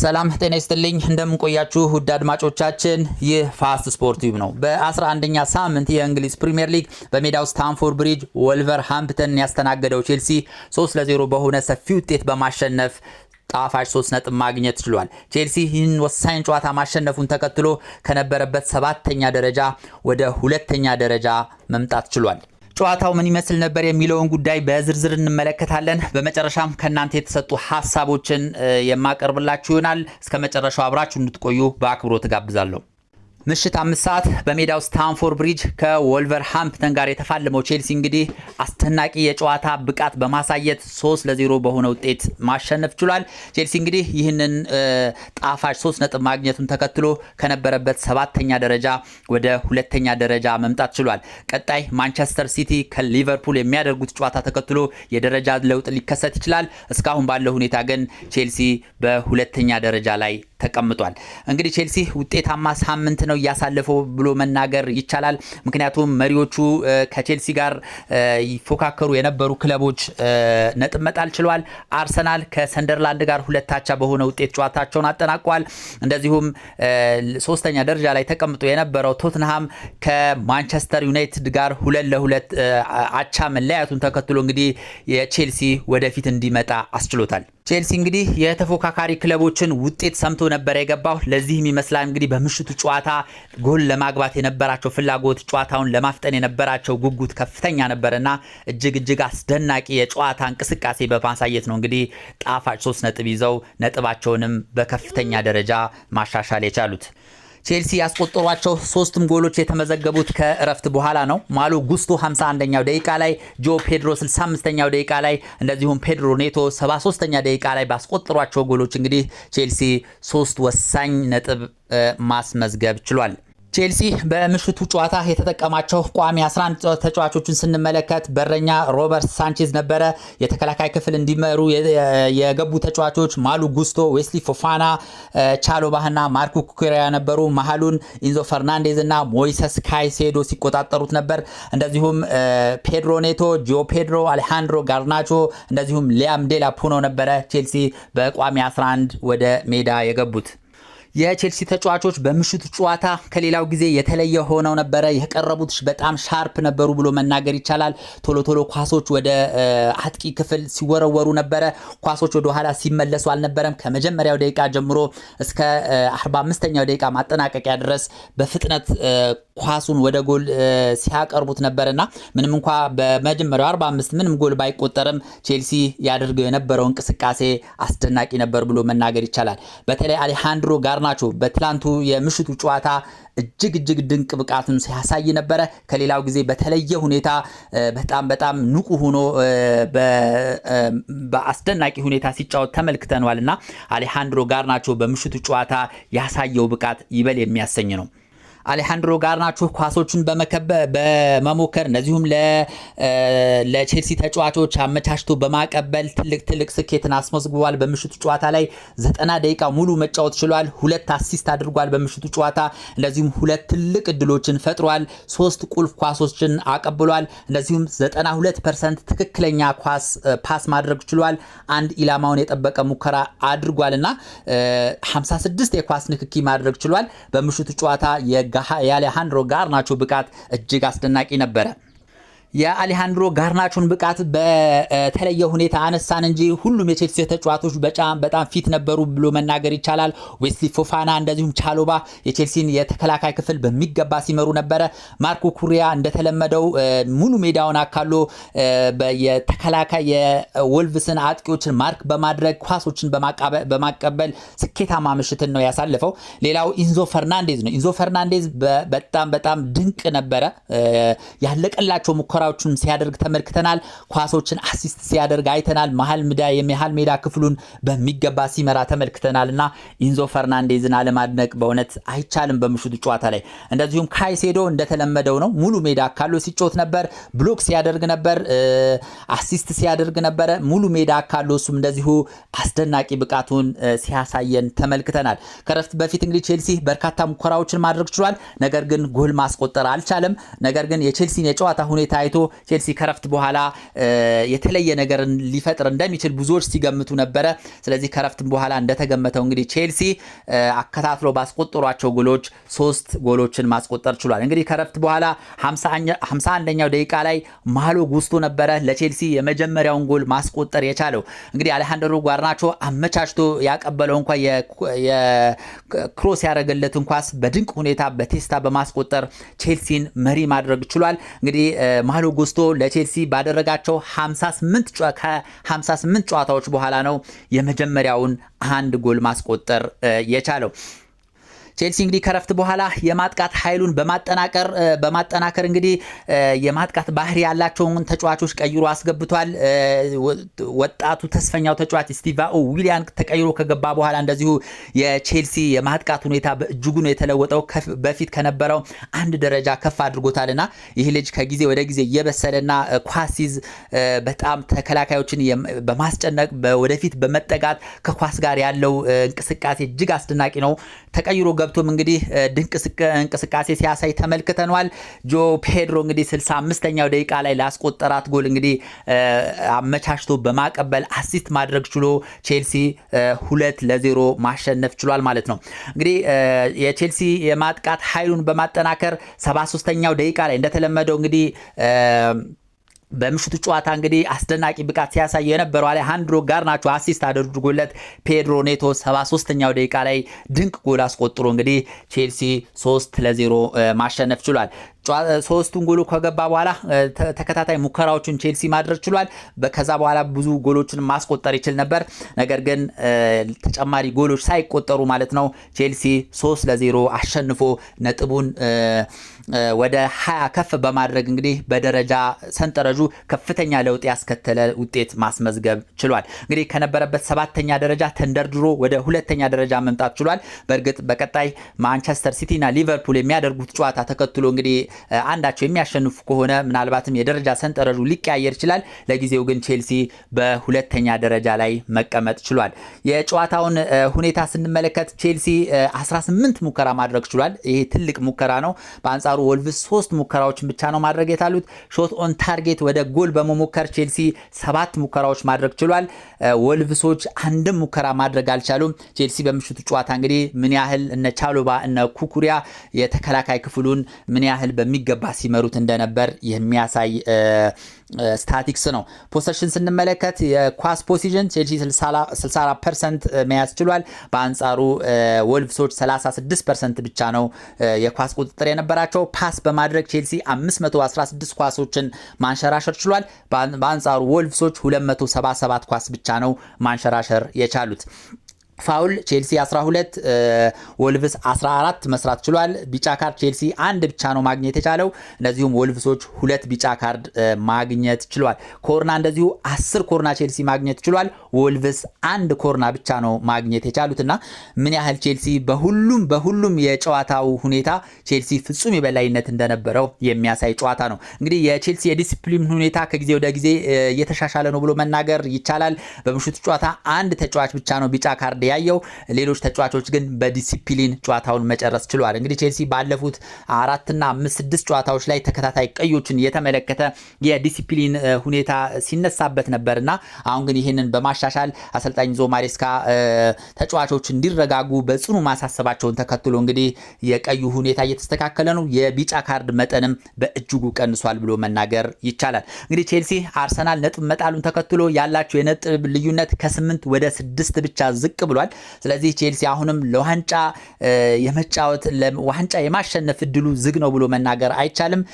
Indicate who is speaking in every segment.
Speaker 1: ሰላም ጤና ይስጥልኝ እንደምንቆያችሁ ውድ አድማጮቻችን፣ ይህ ፋስት ስፖርት ዩብ ነው። በ11ኛ ሳምንት የእንግሊዝ ፕሪምየር ሊግ በሜዳው ስታንፎርድ ብሪጅ ወልቨር ሃምፕተን ያስተናገደው ቼልሲ 3 ለ0 በሆነ ሰፊ ውጤት በማሸነፍ ጣፋጭ ሶስት ነጥብ ማግኘት ችሏል። ቼልሲ ይህን ወሳኝ ጨዋታ ማሸነፉን ተከትሎ ከነበረበት ሰባተኛ ደረጃ ወደ ሁለተኛ ደረጃ መምጣት ችሏል። ጨዋታው ምን ይመስል ነበር የሚለውን ጉዳይ በዝርዝር እንመለከታለን። በመጨረሻም ከእናንተ የተሰጡ ሀሳቦችን የማቀርብላችሁ ይሆናል። እስከ መጨረሻው አብራችሁ እንድትቆዩ በአክብሮት ጋብዛለሁ። ምሽት አምስት ሰዓት በሜዳው ስታንፎርድ ብሪጅ ከወልቨር ሃምፕተን ጋር የተፋለመው ቼልሲ እንግዲህ አስደናቂ የጨዋታ ብቃት በማሳየት ሶስት ለዜሮ በሆነ ውጤት ማሸነፍ ችሏል። ቼልሲ እንግዲህ ይህንን ጣፋጭ ሶስት ነጥብ ማግኘቱን ተከትሎ ከነበረበት ሰባተኛ ደረጃ ወደ ሁለተኛ ደረጃ መምጣት ችሏል። ቀጣይ ማንቸስተር ሲቲ ከሊቨርፑል የሚያደርጉት ጨዋታ ተከትሎ የደረጃ ለውጥ ሊከሰት ይችላል። እስካሁን ባለው ሁኔታ ግን ቼልሲ በሁለተኛ ደረጃ ላይ ተቀምጧል። እንግዲህ ቼልሲ ውጤታማ ሳምንት ነው እያሳለፈው ብሎ መናገር ይቻላል። ምክንያቱም መሪዎቹ ከቼልሲ ጋር ይፎካከሩ የነበሩ ክለቦች ነጥብ መጣል ችሏል አርሰናል ከሰንደርላንድ ጋር ሁለታቻ በሆነ ውጤት ጨዋታቸውን አጠናቋል። እንደዚሁም ሶስተኛ ደረጃ ላይ ተቀምጦ የነበረው ቶትንሃም ከማንቸስተር ዩናይትድ ጋር ሁለት ለሁለት አቻ መለያቱን ተከትሎ እንግዲህ የቼልሲ ወደፊት እንዲመጣ አስችሎታል። ቼልሲ እንግዲህ የተፎካካሪ ክለቦችን ውጤት ሰምቶ ነበር የገባው። ለዚህም ይመስላል እንግዲህ በምሽቱ ጨዋታ ጎል ለማግባት የነበራቸው ፍላጎት፣ ጨዋታውን ለማፍጠን የነበራቸው ጉጉት ከፍተኛ ነበርና እጅግ እጅግ አስደናቂ የጨዋታ እንቅስቃሴ በማሳየት ነው እንግዲህ ጣፋጭ ሶስት ነጥብ ይዘው ነጥባቸውንም በከፍተኛ ደረጃ ማሻሻል የቻሉት። ቼልሲ ያስቆጠሯቸው ሶስቱም ጎሎች የተመዘገቡት ከእረፍት በኋላ ነው። ማሉ ጉስቶ 51ኛው ደቂቃ ላይ፣ ጆ ፔድሮ 65ኛው ደቂቃ ላይ እንደዚሁም ፔድሮ ኔቶ 73ኛ ደቂቃ ላይ ባስቆጠሯቸው ጎሎች እንግዲህ ቼልሲ ሶስት ወሳኝ ነጥብ ማስመዝገብ ችሏል። ቼልሲ በምሽቱ ጨዋታ የተጠቀማቸው ቋሚ 11 ተጫዋቾችን ስንመለከት በረኛ ሮበርት ሳንቼዝ ነበረ። የተከላካይ ክፍል እንዲመሩ የገቡ ተጫዋቾች ማሉ ጉስቶ፣ ዌስሊ ፎፋና፣ ቻሎባህና ማርኩ ኩኩሪያ ነበሩ። መሀሉን ኢንዞ ፈርናንዴዝ እና ሞይሰስ ካይሴዶ ሲቆጣጠሩት ነበር። እንደዚሁም ፔድሮ ኔቶ፣ ጂዮ ፔድሮ፣ አሌሃንድሮ ጋርናቾ እንደዚሁም ሊያም ዴላ ፑኖ ነበረ ቼልሲ በቋሚ 11 ወደ ሜዳ የገቡት። የቼልሲ ተጫዋቾች በምሽቱ ጨዋታ ከሌላው ጊዜ የተለየ ሆነው ነበረ። የቀረቡት በጣም ሻርፕ ነበሩ ብሎ መናገር ይቻላል። ቶሎ ቶሎ ኳሶች ወደ አጥቂ ክፍል ሲወረወሩ ነበረ። ኳሶች ወደ ኋላ ሲመለሱ አልነበረም። ከመጀመሪያው ደቂቃ ጀምሮ እስከ 45ኛው ደቂቃ ማጠናቀቂያ ድረስ በፍጥነት ኳሱን ወደ ጎል ሲያቀርቡት ነበርና ምንም እንኳ በመጀመሪያው 45 ምንም ጎል ባይቆጠርም ቼልሲ ያደርገው የነበረው እንቅስቃሴ አስደናቂ ነበር ብሎ መናገር ይቻላል። በተለይ አሌሃንድሮ ጋርናቾ በትላንቱ የምሽቱ ጨዋታ እጅግ እጅግ ድንቅ ብቃቱን ሲያሳይ ነበረ። ከሌላው ጊዜ በተለየ ሁኔታ በጣም በጣም ንቁ ሆኖ በአስደናቂ ሁኔታ ሲጫወት ተመልክተነዋል እና አሌሃንድሮ ጋርናቾ በምሽቱ ጨዋታ ያሳየው ብቃት ይበል የሚያሰኝ ነው። አሌሃንድሮ ጋርናቾ ኳሶቹን በመከበ በመሞከር እንደዚሁም ለቼልሲ ተጫዋቾች አመቻችቶ በማቀበል ትልቅ ትልቅ ስኬትን አስመዝግቧል። በምሽቱ ጨዋታ ላይ ዘጠና ደቂቃ ሙሉ መጫወት ችሏል። ሁለት አሲስት አድርጓል። በምሽቱ ጨዋታ እንደዚሁም ሁለት ትልቅ እድሎችን ፈጥሯል። ሶስት ቁልፍ ኳሶችን አቀብሏል። እንደዚሁም 92 ፐርሰንት ትክክለኛ ኳስ ፓስ ማድረግ ችሏል። አንድ ኢላማውን የጠበቀ ሙከራ አድርጓል እና 56 የኳስ ንክኪ ማድረግ ችሏል። በምሽቱ ጨዋታ የአሌሃንድሮ ጋርናቾ ብቃት እጅግ አስደናቂ ነበረ። የአሌሃንድሮ ጋርናቾን ብቃት በተለየ ሁኔታ አነሳን እንጂ ሁሉም የቼልሲ ተጫዋቾች በጣም ፊት ነበሩ ብሎ መናገር ይቻላል። ዌስሊ ፎፋና፣ እንደዚሁም ቻሎባ የቼልሲን የተከላካይ ክፍል በሚገባ ሲመሩ ነበረ። ማርኮ ኩሪያ እንደተለመደው ሙሉ ሜዳውን አካሎ የተከላካይ የወልቭስን አጥቂዎችን ማርክ በማድረግ ኳሶችን በማቀበል ስኬታማ ምሽትን ነው ያሳለፈው። ሌላው ኢንዞ ፈርናንዴዝ ነው። ኢንዞ ፈርናንዴዝ በጣም በጣም ድንቅ ነበረ ያለቀላቸው ሙከራ ሙከራዎቹን ሲያደርግ ተመልክተናል። ኳሶችን አሲስት ሲያደርግ አይተናል። መሀል ሜዳ የመሀል ሜዳ ክፍሉን በሚገባ ሲመራ ተመልክተናል እና ኢንዞ ፈርናንዴዝን አለማድነቅ በእውነት አይቻልም በምሽቱ ጨዋታ ላይ። እንደዚሁም ካይሴዶ እንደተለመደው ነው ሙሉ ሜዳ አካሎ ሲጮት ነበር፣ ብሎክ ሲያደርግ ነበር፣ አሲስት ሲያደርግ ነበረ ሙሉ ሜዳ አካሎ እሱም እንደዚሁ አስደናቂ ብቃቱን ሲያሳየን ተመልክተናል። ከረፍት በፊት እንግዲህ ቼልሲ በርካታ ሙከራዎችን ማድረግ ችሏል። ነገር ግን ጎል ማስቆጠር አልቻለም። ነገር ግን የቼልሲን የጨዋታ ሁኔታ ታይቶ ቼልሲ ከረፍት በኋላ የተለየ ነገርን ሊፈጥር እንደሚችል ብዙዎች ሲገምቱ ነበረ። ስለዚህ ከረፍት በኋላ እንደተገመተው እንግዲህ ቼልሲ አከታትሎ ባስቆጠሯቸው ጎሎች ሶስት ጎሎችን ማስቆጠር ችሏል። እንግዲህ ከረፍት በኋላ 51ኛው ደቂቃ ላይ ማሎ ጉስቶ ነበረ ለቼልሲ የመጀመሪያውን ጎል ማስቆጠር የቻለው። እንግዲህ አሌሃንድሮ ጓርናቾ አመቻችቶ ያቀበለው እንኳ የክሮስ ያደረገለትን ኳስ በድንቅ ሁኔታ በቴስታ በማስቆጠር ቼልሲን መሪ ማድረግ ችሏል። እንግዲህ ካርሎ ጉስቶ ለቼልሲ ባደረጋቸው 58 ከ58 ጨዋታዎች በኋላ ነው የመጀመሪያውን አንድ ጎል ማስቆጠር የቻለው። ቼልሲ እንግዲህ ከረፍት በኋላ የማጥቃት ኃይሉን በማጠናቀር በማጠናከር እንግዲህ የማጥቃት ባህሪ ያላቸውን ተጫዋቾች ቀይሮ አስገብቷል። ወጣቱ ተስፈኛው ተጫዋች ስቲቫኦ ዊሊያን ተቀይሮ ከገባ በኋላ እንደዚሁ የቼልሲ የማጥቃት ሁኔታ በእጅጉ ነው የተለወጠው። በፊት ከነበረው አንድ ደረጃ ከፍ አድርጎታልና ይህ ልጅ ከጊዜ ወደ ጊዜ እየበሰለና ኳሲዝ በጣም ተከላካዮችን በማስጨነቅ ወደፊት በመጠጋት ከኳስ ጋር ያለው እንቅስቃሴ እጅግ አስደናቂ ነው። ተቀይሮ ገብ በወቅቱም እንግዲህ ድንቅ እንቅስቃሴ ሲያሳይ ተመልክተኗል። ጆ ፔድሮ እንግዲህ 65ኛው ደቂቃ ላይ ላስቆጠራት ጎል እንግዲህ አመቻችቶ በማቀበል አሲስት ማድረግ ችሎ ቼልሲ ሁለት ለዜሮ ማሸነፍ ችሏል ማለት ነው። እንግዲህ የቼልሲ የማጥቃት ኃይሉን በማጠናከር 73ኛው ደቂቃ ላይ እንደተለመደው እንግዲህ በምሽቱ ጨዋታ እንግዲህ አስደናቂ ብቃት ሲያሳይ የነበረው አሌሃንድሮ ጋርናቾ አሲስት አድርጎለት ፔድሮ ኔቶ 73ኛው ደቂቃ ላይ ድንቅ ጎል አስቆጥሮ እንግዲህ ቼልሲ 3 ለዜሮ ማሸነፍ ችሏል። ሶስቱን ጎሎ ከገባ በኋላ ተከታታይ ሙከራዎችን ቼልሲ ማድረግ ችሏል። ከዛ በኋላ ብዙ ጎሎችን ማስቆጠር ይችል ነበር። ነገር ግን ተጨማሪ ጎሎች ሳይቆጠሩ ማለት ነው ቼልሲ ሶስት ለዜሮ አሸንፎ ነጥቡን ወደ ሀያ ከፍ በማድረግ እንግዲህ በደረጃ ሰንጠረዡ ከፍተኛ ለውጥ ያስከተለ ውጤት ማስመዝገብ ችሏል። እንግዲህ ከነበረበት ሰባተኛ ደረጃ ተንደርድሮ ወደ ሁለተኛ ደረጃ መምጣት ችሏል። በእርግጥ በቀጣይ ማንቸስተር ሲቲና ሊቨርፑል የሚያደርጉት ጨዋታ ተከትሎ እንግዲህ አንዳቸው የሚያሸንፉ ከሆነ ምናልባትም የደረጃ ሰንጠረዡ ሊቀያየር ይችላል። ለጊዜው ግን ቼልሲ በሁለተኛ ደረጃ ላይ መቀመጥ ችሏል። የጨዋታውን ሁኔታ ስንመለከት ቼልሲ 18 ሙከራ ማድረግ ችሏል። ይሄ ትልቅ ሙከራ ነው። በአንጻሩ ወልቭስ ሶስት ሙከራዎችን ብቻ ነው ማድረግ የታሉት። ሾት ኦን ታርጌት ወደ ጎል በመሞከር ቼልሲ ሰባት ሙከራዎች ማድረግ ችሏል። ወልቭሶች አንድም ሙከራ ማድረግ አልቻሉም። ቼልሲ በምሽቱ ጨዋታ እንግዲህ ምን ያህል እነ ቻሎባ እነ ኩኩሪያ የተከላካይ ክፍሉን ምን ያህል በሚገባ ሲመሩት እንደነበር የሚያሳይ ስታቲክስ ነው። ፖሰሽን ስንመለከት የኳስ ፖሲሽን ቼልሲ 64 ፐርሰንት መያዝ ችሏል። በአንጻሩ ወልቭሶች 36 ፐርሰንት ብቻ ነው የኳስ ቁጥጥር የነበራቸው። ፓስ በማድረግ ቼልሲ 516 ኳሶችን ማንሸራሸር ችሏል። በአንጻሩ ወልቭሶች 277 ኳስ ብቻ ነው ማንሸራሸር የቻሉት። ፋውል ቼልሲ 12 ወልቭስ 14 መስራት ችሏል። ቢጫ ካርድ ቼልሲ አንድ ብቻ ነው ማግኘት የቻለው። እንደዚሁም ወልቭሶች ሁለት ቢጫ ካርድ ማግኘት ችሏል። ኮርና እንደዚሁ 10 ኮርና ቼልሲ ማግኘት ችሏል። ወልቭስ አንድ ኮርና ብቻ ነው ማግኘት የቻሉት እና ምን ያህል ቼልሲ በሁሉም በሁሉም የጨዋታው ሁኔታ ቼልሲ ፍጹም የበላይነት እንደነበረው የሚያሳይ ጨዋታ ነው። እንግዲህ የቼልሲ የዲስፕሊን ሁኔታ ከጊዜ ወደ ጊዜ እየተሻሻለ ነው ብሎ መናገር ይቻላል። በምሽቱ ጨዋታ አንድ ተጫዋች ብቻ ነው ቢጫ ካርድ ያየው። ሌሎች ተጫዋቾች ግን በዲሲፕሊን ጨዋታውን መጨረስ ችሏል። እንግዲህ ቼልሲ ባለፉት አራትና አምስት ስድስት ጨዋታዎች ላይ ተከታታይ ቀዮችን የተመለከተ የዲሲፕሊን ሁኔታ ሲነሳበት ነበርና አሁን ግን ይህንን በማሻሻል አሰልጣኝ ዞ ማሬስካ ተጫዋቾች እንዲረጋጉ በጽኑ ማሳሰባቸውን ተከትሎ እንግዲህ የቀዩ ሁኔታ እየተስተካከለ ነው። የቢጫ ካርድ መጠንም በእጅጉ ቀንሷል ብሎ መናገር ይቻላል። እንግዲህ ቼልሲ አርሰናል ነጥብ መጣሉን ተከትሎ ያላቸው የነጥብ ልዩነት ከስምንት ወደ ስድስት ብቻ ዝቅ ብሏል። ብሏል። ስለዚህ ቼልሲ አሁንም ለዋንጫ የመጫወት ዋንጫ የማሸነፍ እድሉ ዝግ ነው ብሎ መናገር አይቻልም።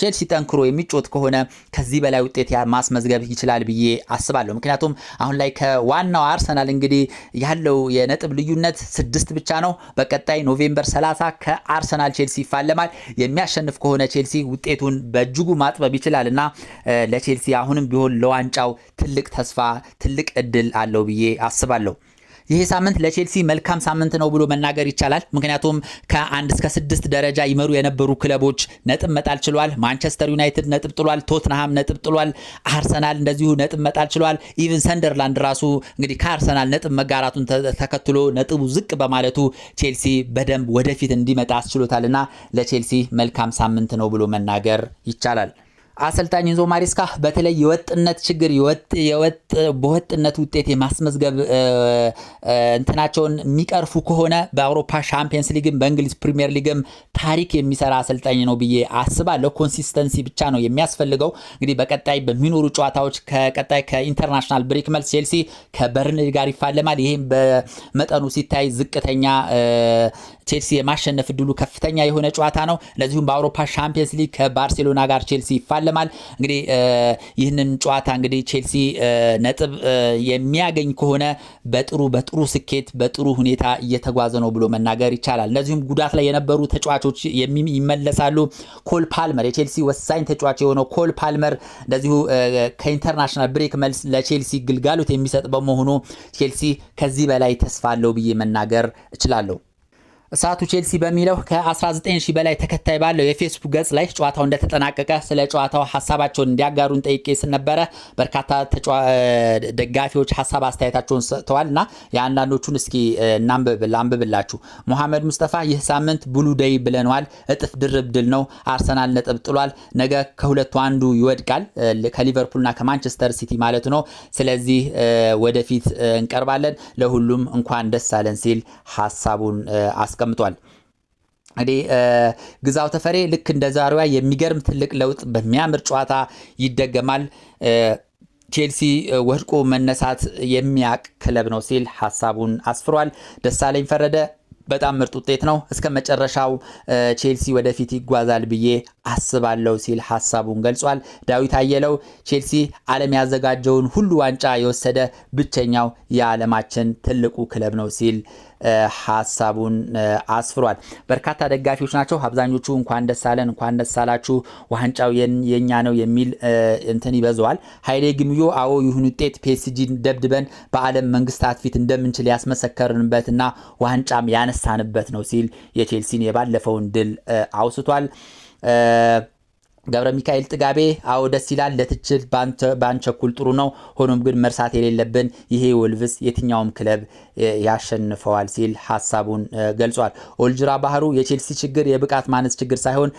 Speaker 1: ቼልሲ ጠንክሮ የሚጮት ከሆነ ከዚህ በላይ ውጤት ማስመዝገብ ይችላል ብዬ አስባለሁ። ምክንያቱም አሁን ላይ ከዋናው አርሰናል እንግዲህ ያለው የነጥብ ልዩነት ስድስት ብቻ ነው። በቀጣይ ኖቬምበር 30 ከአርሰናል ቼልሲ ይፋለማል። የሚያሸንፍ ከሆነ ቼልሲ ውጤቱን በእጅጉ ማጥበብ ይችላል እና ለቼልሲ አሁንም ቢሆን ለዋንጫው ትልቅ ተስፋ፣ ትልቅ እድል አለው ብዬ አስባለሁ። ይሄ ሳምንት ለቼልሲ መልካም ሳምንት ነው ብሎ መናገር ይቻላል። ምክንያቱም ከአንድ እስከ ስድስት ደረጃ ይመሩ የነበሩ ክለቦች ነጥብ መጣል ችሏል። ማንቸስተር ዩናይትድ ነጥብ ጥሏል። ቶትንሃም ነጥብ ጥሏል። አርሰናል እንደዚሁ ነጥብ መጣል ችሏል። ኢቭን ሰንደርላንድ ራሱ እንግዲህ ከአርሰናል ነጥብ መጋራቱን ተከትሎ ነጥቡ ዝቅ በማለቱ ቼልሲ በደንብ ወደፊት እንዲመጣ አስችሎታልና ለቼልሲ መልካም ሳምንት ነው ብሎ መናገር ይቻላል። አሰልጣኝ ኢንዞ ማሪስካ በተለይ የወጥነት ችግር በወጥነት ውጤት የማስመዝገብ እንትናቸውን የሚቀርፉ ከሆነ በአውሮፓ ሻምፒየንስ ሊግም በእንግሊዝ ፕሪሚየር ሊግም ታሪክ የሚሰራ አሰልጣኝ ነው ብዬ አስባለሁ። ኮንሲስተንሲ ብቻ ነው የሚያስፈልገው። እንግዲህ በቀጣይ በሚኖሩ ጨዋታዎች ከቀጣይ ከኢንተርናሽናል ብሬክ መልስ ቼልሲ ከበርንሊ ጋር ይፋለማል። ይህም በመጠኑ ሲታይ ዝቅተኛ ቼልሲ የማሸነፍ እድሉ ከፍተኛ የሆነ ጨዋታ ነው። እንደዚሁም በአውሮፓ ሻምፒየንስ ሊግ ከባርሴሎና ጋር ቼልሲ ይፋል ይፋለማል። እንግዲህ ይህንን ጨዋታ እንግዲህ ቼልሲ ነጥብ የሚያገኝ ከሆነ በጥሩ በጥሩ ስኬት በጥሩ ሁኔታ እየተጓዘ ነው ብሎ መናገር ይቻላል። እነዚሁም ጉዳት ላይ የነበሩ ተጫዋቾች ይመለሳሉ። ኮል ፓልመር የቼልሲ ወሳኝ ተጫዋች የሆነው ኮል ፓልመር እንደዚሁ ከኢንተርናሽናል ብሬክ መልስ ለቼልሲ ግልጋሎት የሚሰጥ በመሆኑ ቼልሲ ከዚህ በላይ ተስፋ አለው ብዬ መናገር እችላለሁ። እሳቱ ቼልሲ በሚለው ከ19000 በላይ ተከታይ ባለው የፌስቡክ ገጽ ላይ ጨዋታው እንደተጠናቀቀ ስለ ጨዋታው ሀሳባቸውን እንዲያጋሩን ጠይቄ ስነበረ በርካታ ደጋፊዎች ሀሳብ አስተያየታቸውን ሰጥተዋል እና የአንዳንዶቹን እስኪ ላንብብላችሁ። ሙሐመድ ሙስጠፋ ይህ ሳምንት ብሉ ደይ ብለነዋል። እጥፍ ድርብ ድል ነው። አርሰናል ነጥብ ጥሏል። ነገ ከሁለቱ አንዱ ይወድቃል፣ ከሊቨርፑልና ከማንቸስተር ሲቲ ማለት ነው። ስለዚህ ወደፊት እንቀርባለን። ለሁሉም እንኳን ደስ አለን ሲል ሀሳቡን አስቀ አስቀምጧል። እንግዲህ ግዛው ተፈሬ ልክ እንደ ዛሬዋ የሚገርም ትልቅ ለውጥ በሚያምር ጨዋታ ይደገማል። ቼልሲ ወድቆ መነሳት የሚያቅ ክለብ ነው ሲል ሀሳቡን አስፍሯል። ደሳለኝ ፈረደ በጣም ምርጥ ውጤት ነው። እስከ መጨረሻው ቼልሲ ወደፊት ይጓዛል ብዬ አስባለሁ ሲል ሀሳቡን ገልጿል። ዳዊት አየለው ቼልሲ ዓለም ያዘጋጀውን ሁሉ ዋንጫ የወሰደ ብቸኛው የዓለማችን ትልቁ ክለብ ነው ሲል ሀሳቡን አስፍሯል። በርካታ ደጋፊዎች ናቸው። አብዛኞቹ እንኳን ደስ አለን፣ እንኳን ደስ አላችሁ፣ ዋንጫው የኛ ነው የሚል እንትን ይበዛዋል። ኃይሌ ግምዮ አዎ ይሁን ውጤት ፒኤስጂን ደብድበን በዓለም መንግስታት ፊት እንደምንችል ያስመሰከርንበትና ዋንጫም ያነሳንበት ነው ሲል የቼልሲን የባለፈውን ድል አውስቷል። ገብረ ሚካኤል ጥጋቤ አዎ ደስ ይላል። ለትችል ባንቸኩል ጥሩ ነው። ሆኖም ግን መርሳት የሌለብን ይሄ ወልቭስ የትኛውም ክለብ ያሸንፈዋል ሲል ሀሳቡን ገልጿል። ኦልጅራ ባህሩ የቼልሲ ችግር የብቃት ማነስ ችግር ሳይሆን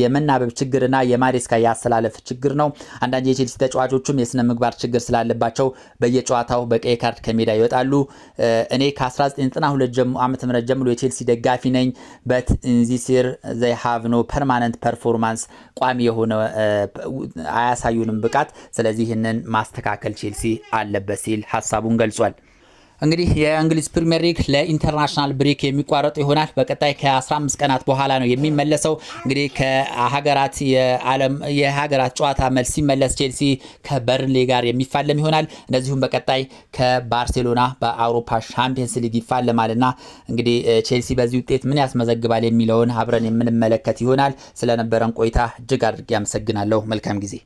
Speaker 1: የመናበብ ችግርና የማሬስካ የአሰላለፍ ችግር ነው። አንዳንድ የቼልሲ ተጫዋቾችም የስነ ምግባር ችግር ስላለባቸው በየጨዋታው በቀይ ካርድ ከሜዳ ይወጣሉ። እኔ ከ1992 ዓም ምህረት ጀምሮ የቼልሲ ደጋፊ ነኝ በት ኢንዚሲር ዘይ ሃቭ ኖ ፐርማነንት ፐርፎርማንስ ቋሚ የሆነ አያሳዩንም ብቃት። ስለዚህ ይህንን ማስተካከል ቼልሲ አለበት ሲል ሀሳቡን ገልጿል። እንግዲህ የእንግሊዝ ፕሪሚየር ሊግ ለኢንተርናሽናል ብሬክ የሚቋረጥ ይሆናል። በቀጣይ ከ15 ቀናት በኋላ ነው የሚመለሰው። እንግዲህ ከሀገራት የዓለም የሀገራት ጨዋታ መልስ ሲመለስ ቼልሲ ከበርንሌ ጋር የሚፋለም ይሆናል። እንደዚሁም በቀጣይ ከባርሴሎና በአውሮፓ ሻምፒየንስ ሊግ ይፋለማል እና እንግዲህ ቼልሲ በዚህ ውጤት ምን ያስመዘግባል የሚለውን አብረን የምንመለከት ይሆናል። ስለነበረን ቆይታ እጅግ አድርጌ አመሰግናለሁ። መልካም ጊዜ